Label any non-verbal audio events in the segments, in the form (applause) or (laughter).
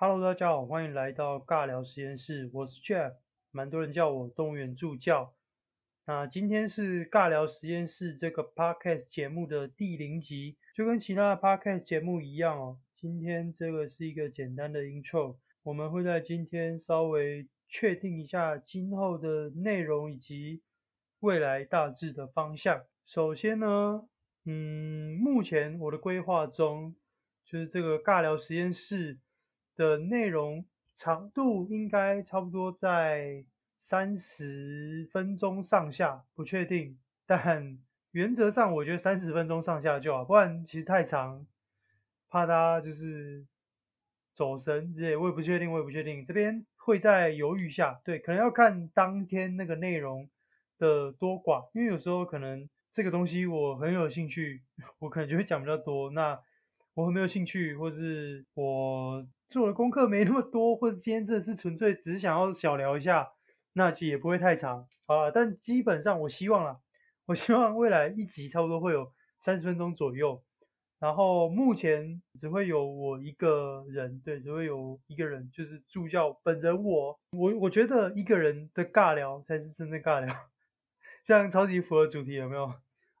Hello，大家好，歡迎來到尬聊實驗室。我是 Jeff，蠻多人叫我動物園助教。那、啊、今天是尬聊實驗室這個 Podcast 節目的第零集，就跟其他的 Podcast 節目一樣哦。今天這個是一個簡單的 Intro，我們會在今天稍微確定一下今後的內容以及未來大致的方向。首先呢，嗯，目前我的規劃中就是這個尬聊實驗室。的內容長度應該差不多在三十分鐘上下，不確定，但原則上我覺得三十分鐘上下就好，不然其實太長，怕他就是走神之類。我也不確定，我也不確定，這邊會再猶豫下，對，可能要看當天那個內容的多寡，因為有時候可能這個東西我很有興趣，我可能就會講比較多，那我很沒有興趣，或是我做的功課沒那麼多，或者今天真的是純粹只想要小聊一下，那就也不會太長啊。但基本上，我希望了，我希望未來一集差不多會有三十分鐘左右。然後目前只會有我一個人，對，只會有一個人，就是助教本人我我我覺得一個人的尬聊才是真正尬聊，這樣超級符合主題有沒有？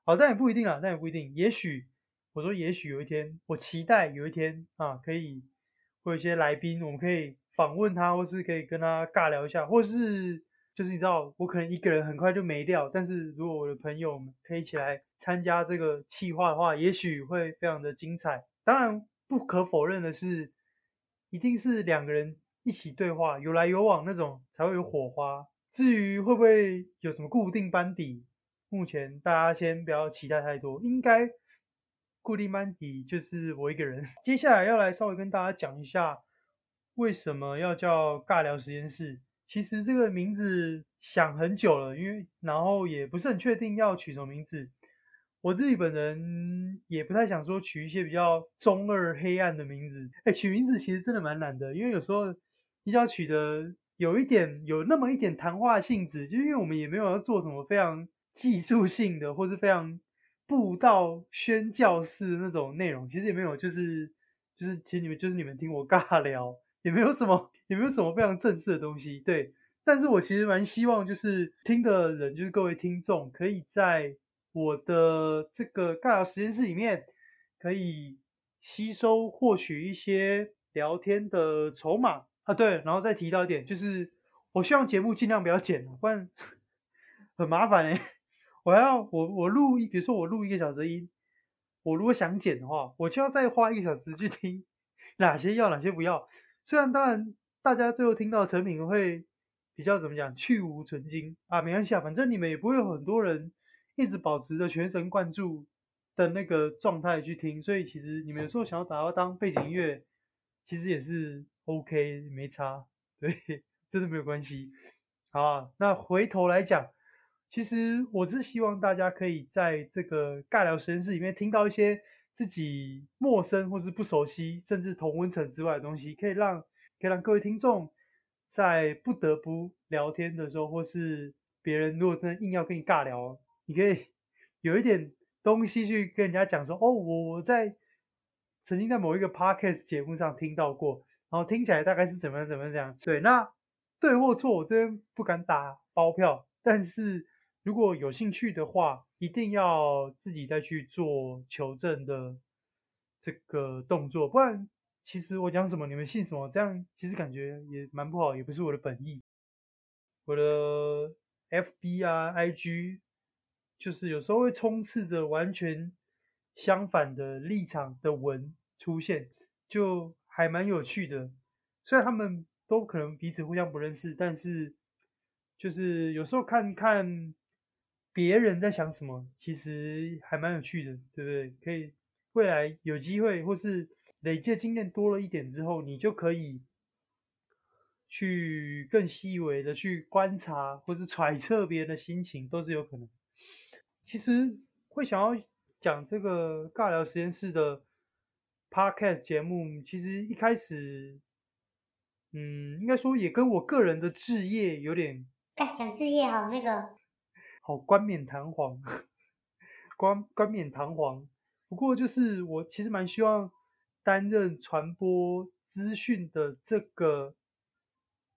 好，但也不一定啊，但也不一定。也許我說，也許有一天，我期待有一天啊，可以。有一些來賓，我們可以訪問他，或是可以跟他尬聊一下，或是就是你知道，我可能一個人很快就沒料，但是如果我的朋友可以一起來參加這個企劃的話，也許會非常的精彩。當然，不可否認的是，一定是兩個人一起對話，有來有往那種才會有火花。至於會不會有什麼固定班底，目前大家先不要期待太多，應該。固定班底就是我一個人。接下來要來稍微跟大家講一下，為什麼要叫尬聊實驗室？其實這個名字想很久了，因為然後也不是很確定要取什麼名字。我自己本人也不太想說取一些比較中二、黑暗的名字。哎，取名字其實真的蠻難的，因為有時候比較取的有一點，有那麼一點談話性質，就是、因為我們也沒有要做什麼非常技術性的，或是非常。佈道宣教式那種內容，其實也沒有、就是，就是就是，其實你們就是你們聽我尬聊，也沒有什麼也沒有什麼非常正式的東西，對。但是我其實蠻希望，就是聽的人，就是各位聽眾，可以在我的這個尬聊實驗室裡面，可以吸收獲取一些聊天的籌碼啊。對，然後再提到一點，就是我希望節目盡量不要剪，不然很麻煩誒、欸我要我我錄一，比如說我錄一個小時音，我如果想剪的話，我就要再花一個小時去聽，哪些要，哪些不要。雖然當然大家最後聽到的成品會比較，怎麼講，去蕪存菁啊，沒關係啊，反正你們也不會有很多人一直保持着全神貫注的那個狀態去聽，所以其實你們有時候想要把它當背景音樂，其實也是 OK，沒差，對，真的沒有關係。好，那回頭來講。其實我是希望大家可以在這個尬聊實驗室裡面聽到一些自己陌生或是不熟悉，甚至同溫層之外的東西，可以讓可以讓各位聽眾在不得不聊天的時候，或是別人如果真的硬要跟你尬聊，你可以有一點東西去跟人家講說，哦，我我在曾經在某一個 podcast 節目上聽到過，然後聽起來大概是怎麼樣怎麼樣。對，那對或錯我這邊不敢打包票，但是。如果有興趣的話，一定要自己再去做求證的這個動作，不然其實我講什麼你們信什麼，這樣其實感覺也蠻不好，也不是我的本意。我的 FB 啊 IG，就是有時候會充斥着完全相反的立場的文出現，就還蠻有趣的。雖然他們都可能彼此互相不認識，但是就是有時候看看別人在想什麼，其實還蠻有趣的，對不對？可以未來有機會，或是累積的經驗多了一點之後，你就可以去更細微的去觀察，或是揣測別人的心情，都是有可能。其實會想要講這個尬聊實驗室的 podcast 節目，其實一開始，嗯，應該說也跟我個人的職業有點，啊，講職業好那個。好、哦、冠冕堂皇，冠冠冕堂皇。不過就是我其實蠻希望擔任傳播資訊的這個，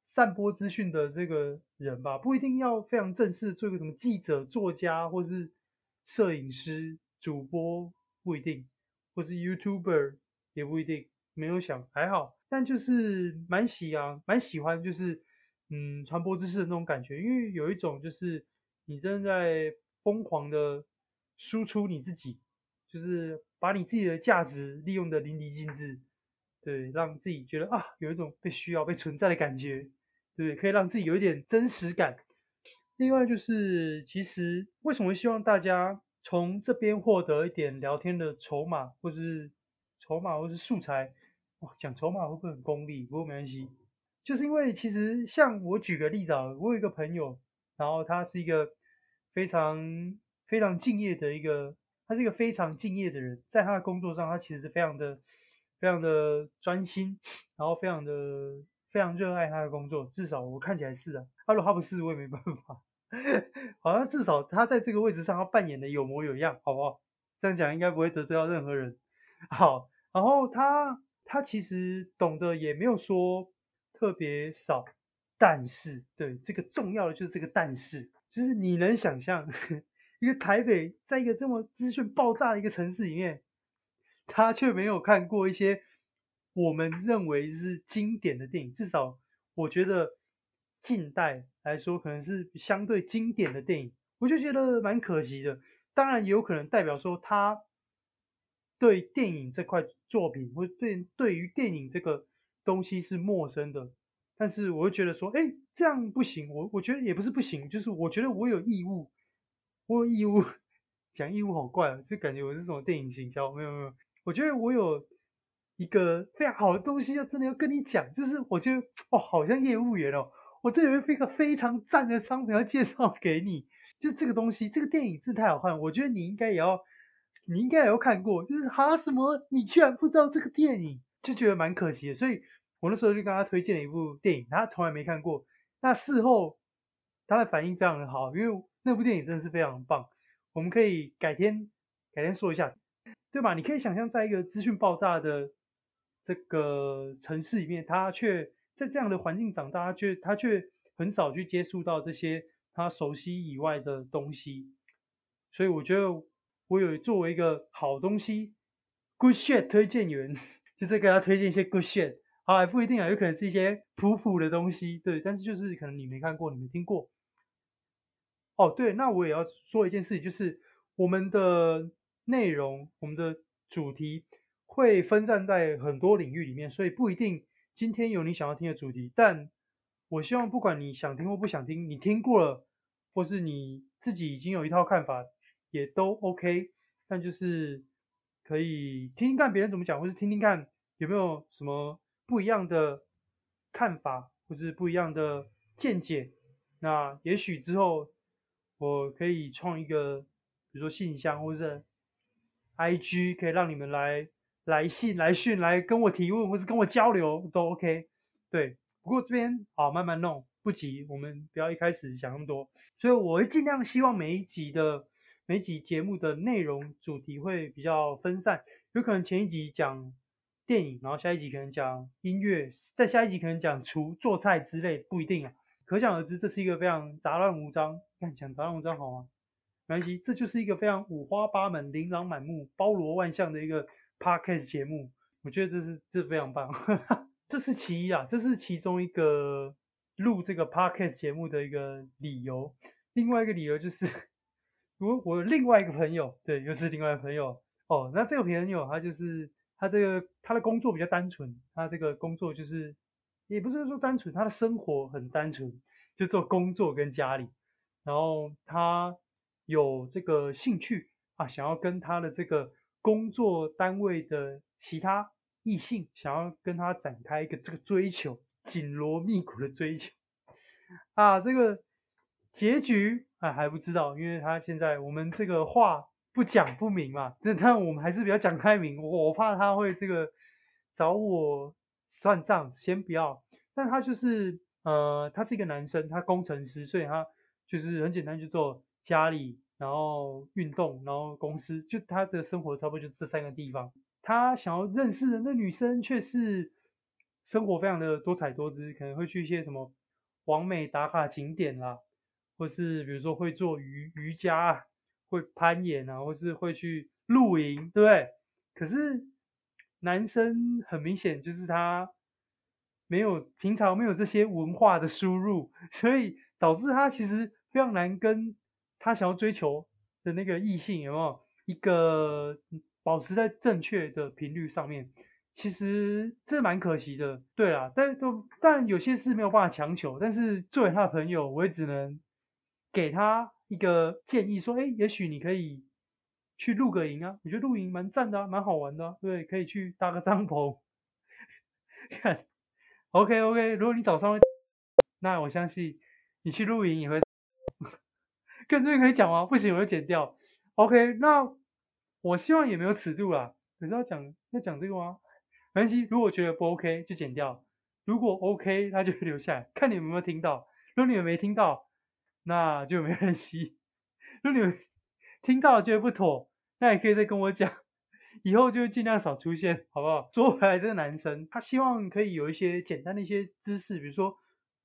散播資訊的這個人吧，不一定要非常正式，做一個什麼記者、作家，或是攝影師、主播不一定，或是 YouTuber 也不一定，沒有想還好。但就是蠻喜啊，蠻喜歡，就是嗯傳播知識的那種感覺，因為有一種就是。你正在瘋狂的輸出你自己，就是把你自己的價值利用的淋漓盡致，對，讓自己覺得啊，有一種被需要、被存在的感覺，對，可以讓自己有一點真實感。另外就是，其實為什麼希望大家從這邊獲得一點聊天的籌碼，或是籌碼，或是素材？哇，講籌碼會不會很功利？不過沒關係，就是因為其實像我舉個例子，我有一個朋友，然後他是一個。非常非常敬業的一個，他是一個非常敬業的人，在他的工作上，他其實是非常的、非常的專心，然後非常的、非常熱愛他的工作。至少我看起來是啊，他如果他不是，我也沒辦法。好像至少他在這個位置上要扮演的有模有樣，好不好？這樣講應該不會得罪到任何人。好，然後他他其實懂得也沒有說特別少，但是對，這個重要的就是這個但是。就是你能想象，一個台北，在一個這麼資訊爆炸的一個城市裡面，他卻沒有看過一些我們認為是經典的電影，至少我覺得近代來說，可能是相對經典的電影，我就覺得蠻可惜的。當然，也有可能代表說他對電影這塊作品，或對對於電影這個東西是陌生的。但是我會覺得說，哎、欸，這樣不行。我我覺得也不是不行，就是我覺得我有義務，我有義務講義務好怪啊，就感覺我是什麼電影形象，沒有沒有，我覺得我有一個非常好的東西要真的要跟你講，就是我覺得哦，好像業務員哦，我這裡面有一個非常讚的商品要介紹給你，就這個東西，這個電影真的太好看，我覺得你應該也要，你應該也要看過，就是哈什麼，你居然不知道這個電影，就覺得蠻可惜的，所以。我那時候就跟他推薦了一部電影，他從來沒看過。那事後他的反應非常的好，因為那部電影真的是非常棒。我們可以改天改天說一下，對吧？你可以想象，在一個資訊爆炸的這個城市裡面，他卻在這樣的環境長大，他卻他卻很少去接觸到這些他熟悉以外的東西。所以我覺得，我有作為一個好東西，good shit 推薦員，就是給他推薦一些 good shit。哎，不一定啊，有可能是一些普普的東西，對。但是就是可能你沒看過，你沒聽過。哦，對，那我也要說一件事情，就是我們的內容，我們的主題會分散在很多領域裡面，所以不一定今天有你想要聽的主題。但我希望不管你想聽或不想聽，你聽過了，或是你自己已經有一套看法，也都 OK。但就是可以聽聽看別人怎麼講，或是聽聽看有沒有什麼。不一樣的看法，或是不一樣的見解，那也許之後我可以創一個，比如說信箱或者 IG，可以讓你們來來信、來訊、來跟我提問，或是跟我交流都 OK。對，不過這邊好慢慢弄，不急，我們不要一開始想那麼多。所以我會儘量希望每一集的每一集節目的內容主題會比較分散，有可能前一集講。電影，然後下一集可能講音樂，再下一集可能講廚做菜之類，不一定啊。可想而知，這是一個非常雜亂無章，看，講雜亂無章好嗎？沒關係，這就是一個非常五花八門、琳琅滿目、包羅萬象的一個 Podcast 節目。我覺得這是這非常棒， (laughs) 這是其一啊，這是其中一個錄這個 Podcast 節目的一個理由。另外一個理由就是，如果我有另外一個朋友，對，又是另外一個朋友哦，那這個朋友他就是。他這個他的工作比較單純，他這個工作就是，也不是說單純，他的生活很單純，就做工作跟家裡。然後他有這個興趣啊，想要跟他的這個工作單位的其他異性，想要跟他展開一個這個追求，緊鑼密鼓的追求。啊，這個結局啊還不知道，因為他現在我們這個話。不講不明嘛，但但我們還是比較講太明我，我怕他會這個找我算賬，先不要。但他就是呃，他是一個男生，他工程師，所以他就是很簡單就做家裡，然後運動，然後公司，就他的生活差不多就這三個地方。他想要認識的那女生卻是生活非常的多彩多姿，可能會去一些什麼網美打卡景點啦，或是比如說會做瑜瑜伽啊。會攀岩啊，或是會去露營，對不對？可是男生很明顯就是他沒有平常沒有這些文化的輸入，所以導致他其實非常難跟他想要追求的那個異性有沒有一個保持在正確的頻率上面，其實這蠻可惜的。對啦，但都但有些事沒有辦法強求，但是作為他的朋友，我也只能給他。一個建議說：“哎、欸，也許你可以去露個營啊！我覺得露營蠻讚的、啊，蠻好玩的、啊，對，對可以去搭個帳篷。看 (laughs) ，OK OK。如果你早上會，那我相信你去露營也會。跟這邊可以講啊，不行，我要剪掉。OK，那我希望也沒有尺度啦，可是要講，要講這個嗎？沒關係，如果覺得不 OK 就剪掉。如果 OK，他就留下來，看你有沒有聽到。如果你有沒有聽到。”那就沒關係。如果你們聽到覺得不妥，那也可以再跟我講。以後就盡量少出現，好不好？說回來這個男生，他希望可以有一些簡單的一些知識，比如說，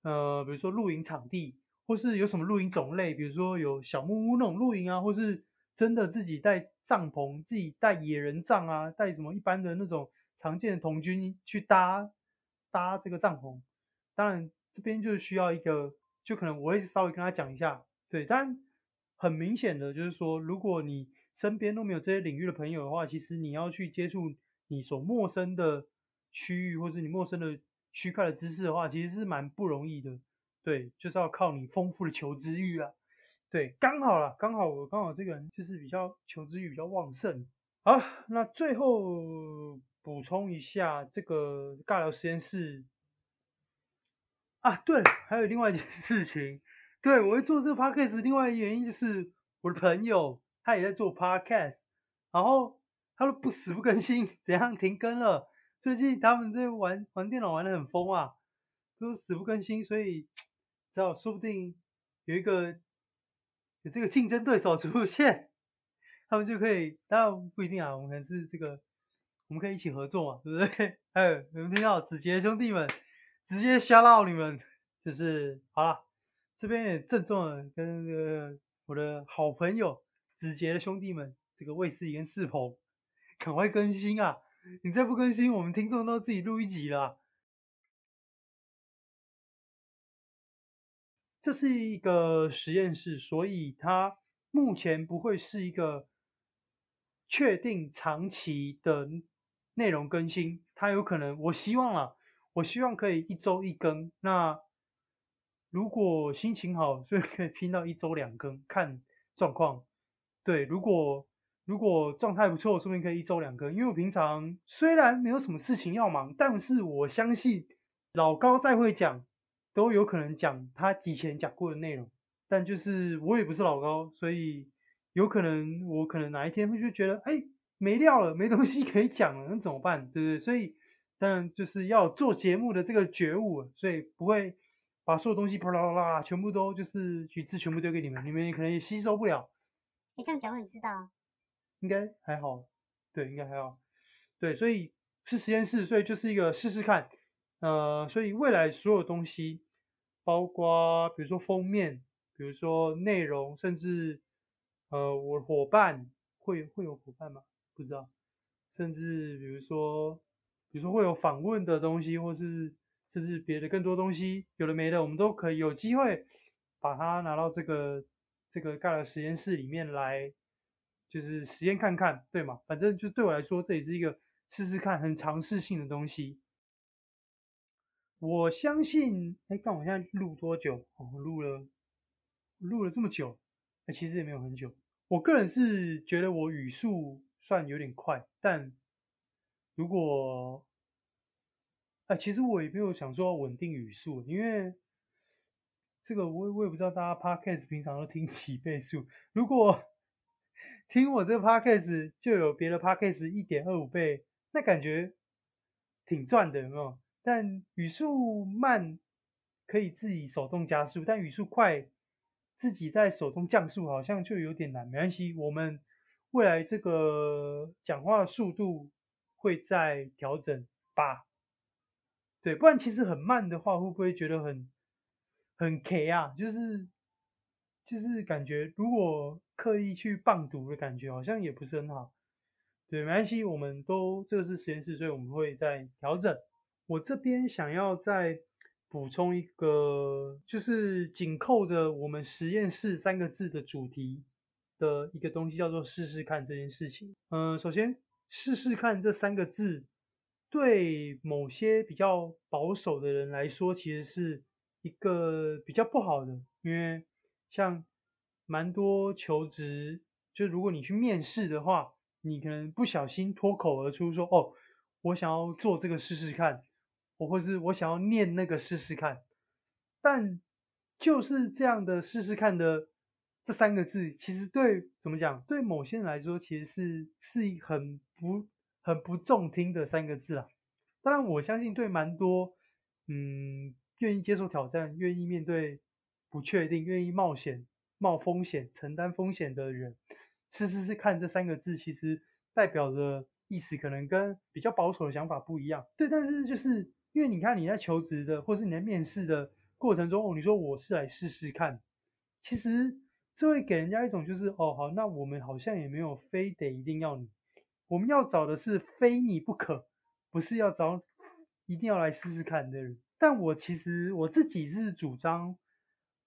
呃，比如說露營場地，或是有什麼露營種類，比如說有小木屋那種露營啊，或是真的自己帶帳篷、自己帶野人帳啊，帶什麼一般的那種常見的童軍去搭搭這個帳篷。當然，這邊就需要一個。就可能我會稍微跟他講一下，對，但很明顯的就是說，如果你身邊都沒有這些領域的朋友的話，其實你要去接觸你所陌生的區域或是你陌生的區塊的知識的話，其實是蠻不容易的，對，就是要靠你豐富的求知慾啊，對，剛好啦，剛好我剛好這個人就是比較求知慾比較旺盛，好，那最後補充一下這個尬聊實驗室。啊，對了，還有另外一件事情，對，我會做這個 podcast，另外一個原因就是我的朋友他也在做 podcast，然後他都不死不更新，怎樣停更了？最近他們在玩玩電腦玩的很瘋啊，都死不更新，所以，知道說不定有一個有這個競爭對手出現，他們就可以，當然不一定啊，我們可能是這個我們可以一起合作嘛，對不對？還有，你們聽到子傑兄弟們？直接瞎鬧你們，就是好啦了。這邊也鄭重的跟那個、呃、我的好朋友子杰的兄弟們，這個魏思儀跟世鵬，趕快更新啊！你再不更新，我們聽眾都自己錄一集了、啊。這是一個實驗室，所以它目前不會是一個確定長期的內容更新。它有可能，我希望啊。我希望可以一周一更。那如果心情好，所以可以拼到一周兩更，看狀況。對，如果如果狀態不錯，說不定可以一周兩更。因為我平常雖然沒有什麼事情要忙，但是我相信老高再會講，都有可能講他以前講過的內容。但就是我也不是老高，所以有可能我可能哪一天會就覺得，哎，沒料了，沒東西可以講了，那怎麼辦？對不對？所以。但就是要做節目的這個覺悟，所以不會把所有東西啪啦啦啦全部都就是語詞全部丟給你們，你們可能也吸收不了。你這樣講我很知道，應該還好，對，應該還好，對，所以是實驗室，所以就是一個試試看，呃，所以未來所有東西，包括比如說封面，比如說內容，甚至呃，我夥伴會會有夥伴嗎？不知道，甚至比如說。比如說會有訪問的東西，或是甚至別的更多東西，有的沒的，我們都可以有機會把它拿到這個這個蓋勒實驗室裡面來，就是實驗看看，對嘛？反正就對我來說，這也是一個試試看、很嘗試性的東西。我相信，哎，看我現在錄多久？我、哦、錄了，錄了這麼久，哎，其實也沒有很久。我個人是覺得我語速算有點快，但。如果，哎、欸，其實我也沒有想說穩定語速，因為這個我也我也不知道大家 podcast 平常都聽幾倍速。如果聽我這個 podcast 就有別的 podcast 一點二五倍，那感覺挺賺的，有沒有？但語速慢可以自己手動加速，但語速快自己在手動降速好像就有點難。沒關係，我們未來這個講話的速度。會再調整吧，對，不然其實很慢的話，會不會覺得很很 K 啊？就是就是感覺，如果刻意去棒讀的感覺，好像也不是很好。對，沒關係，我們都這個是實驗室，所以我們會再調整。我這邊想要再補充一個，就是緊扣着我們“實驗室”三個字的主題的一個東西，叫做試試看這件事情。嗯、呃，首先。試試看這三個字，對某些比較保守的人來說，其實是一個比較不好的，因為像蠻多求職，就如果你去面試的話，你可能不小心脫口而出說：“哦，我想要做這個試試看，”我或是我想要念那個試試看，但就是這樣的試試看的。這三個字其實對怎麼講？對某些人來說，其實是是一很不很不中聽的三個字啊。當然，我相信對蠻多嗯，願意接受挑戰、願意面對不確定、願意冒險、冒風險、承擔風險的人，試試看這三個字其實代表的意思，可能跟比較保守的想法不一樣。對，但是就是因為你看你在求職的，或是你在面試的過程中，哦，你說我是來試試看，其實。這會給人家一種就是哦，好，那我們好像也沒有非得一定要你，我們要找的是非你不可，不是要找一定要來試試看的人。但我其實我自己是主張，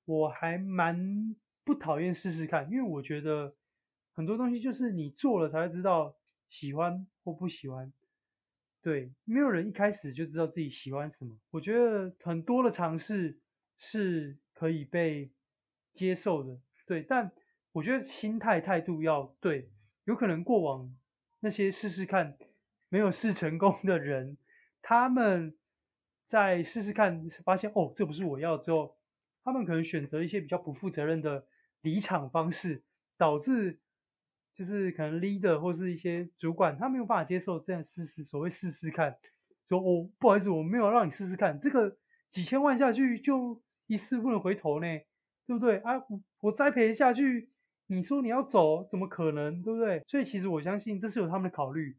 我還蠻不討厭試試看，因為我覺得很多東西就是你做了才會知道喜歡或不喜歡。對，沒有人一開始就知道自己喜歡什麼。我覺得很多的嘗試是可以被接受的。對，但我覺得心態態度要對，有可能過往那些試試看沒有試成功的人，他們在試試看，發現哦，這不是我要的之後，他們可能選擇一些比較不負責任的離場方式，導致就是可能 leader 或是一些主管他沒有辦法接受這樣試試所謂試試看，說哦，不好意思，我沒有讓你試試看，這個幾千萬下去就一次不能回頭呢，對不對啊？我栽培下去，你說你要走，怎麼可能，對不對？所以其實我相信這是有他們的考慮，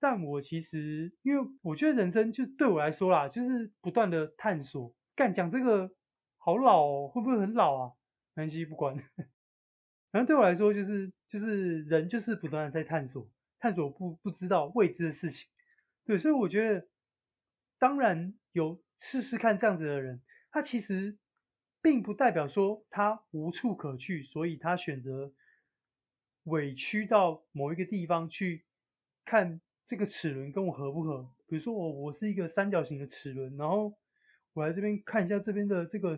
但我其實因為我覺得人生就對我來說啦，就是不斷的探索。幹，講這個好老哦，會不會很老啊？南希不管。 (laughs) 然後對我來說，就是就是人就是不斷的在探索，探索不不知道未知的事情。對，所以我覺得當然有試試看這樣子的人，他其實。並不代表說他無處可去，所以他選擇委屈到某一個地方去看這個齒輪跟我合不合。比如說，我我是一個三角形的齒輪，然後我來這邊看一下這邊的這個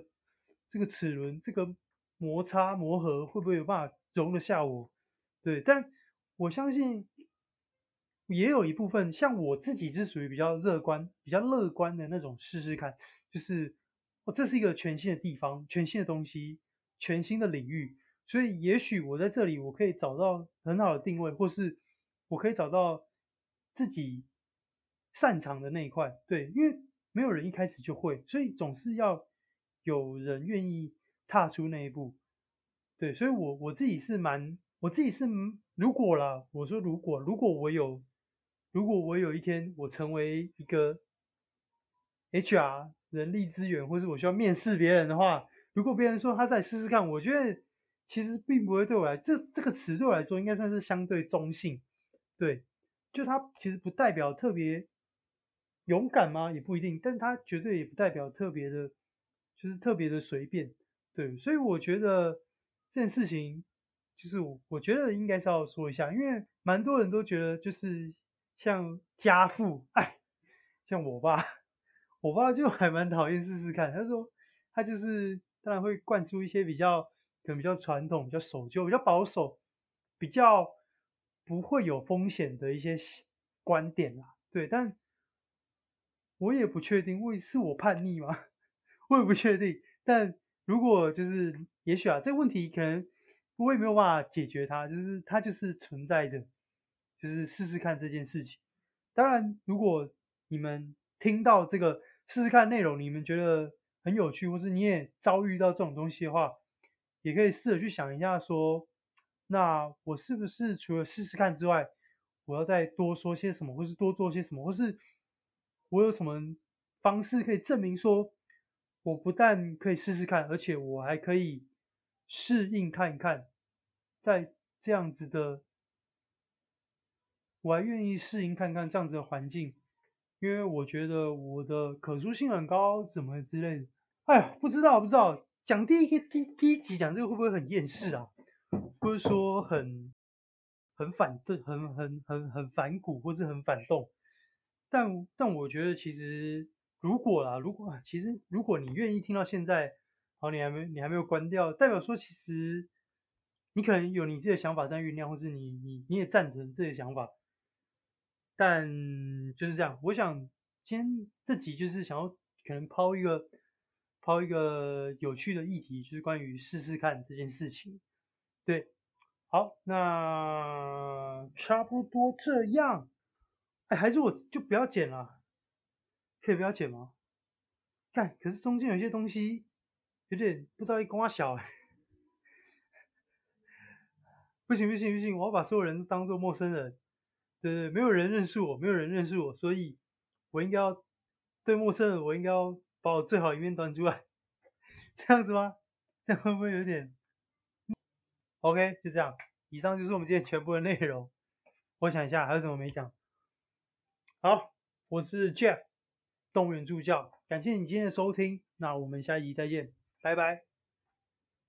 這個齒輪，這個摩擦磨合會不會有辦法容得下我？對，但我相信也有一部分，像我自己是屬於比較樂觀、比較樂觀的那種，試試看，就是。這是一個全新的地方，全新的東西，全新的領域，所以也許我在這裡，我可以找到很好的定位，或是我可以找到自己擅長的那一塊。對，因為沒有人一開始就會，所以總是要有人願意踏出那一步。對，所以我我自己是蠻，我自己是，如果啦，我說如果，如果我有，如果我有一天我成為一個 HR。人力資源，或者我需要面試別人的話，如果別人說他再試試看，我覺得其實並不會對我來，這這個詞對我來說應該算是相對中性，對，就他其實不代表特別勇敢嗎？也不一定，但是他絕對也不代表特別的，就是特別的隨便，對，所以我覺得這件事情，就是我我覺得應該是要說一下，因為蠻多人都覺得就是像家父，哎，像我爸。我爸就還蠻討厭試試看，他說他就是當然會灌輸一些比較可能比較傳統、比較守舊、比較保守、比較不會有風險的一些觀點啦。對，但我也不確定，為是我叛逆嗎？我也不確定。但如果就是也許啊，這個問題可能我也沒有辦法解決它，就是它就是存在着，就是試試看這件事情。當然，如果你們聽到這個。試試看內容，你們覺得很有趣，或是你也遭遇到這種東西的話，也可以試着去想一下說，那我是不是除了試試看之外，我要再多說些什麼，或是多做些什麼，或是我有什麼方式可以證明說我不但可以試試看，而且我還可以適應看一看，在這樣子的，我還願意適應看看這樣子的環境。因為我覺得我的可塑性很高，怎麼之類的，哎呀，不知道不知道。講第一個第第一集，講這個會不會很厭世啊？不是說很很反，很很很很反骨或是很反動。但但我覺得其實如果啦，如果其實如果你願意聽到現在，好，你還沒你還沒有關掉，代表說其實你可能有你自己的想法在醞釀，或是你你你也贊成這些想法。但就是這樣，我想今天這集就是想要可能拋一個拋一個有趣的議題，就是關於試試看這件事情。對，好，那差不多這樣。哎，還是我就不要剪了，可以不要剪嗎？看，可是中間有些東西有點不知道一颳小 (laughs) 不，不行不行不行，我要把所有人都當做陌生人。對，對對，沒有人認識我，沒有人認識我，所以我應該要對陌生人，我應該要把我最好一面端出來，這樣子嗎？這樣會不會有點？OK，就這樣。以上就是我們今天全部的內容。我想一下還有什麼沒講。好，我是 Jeff，動物園助教。感謝你今天的收聽，那我們下一集再見，拜拜。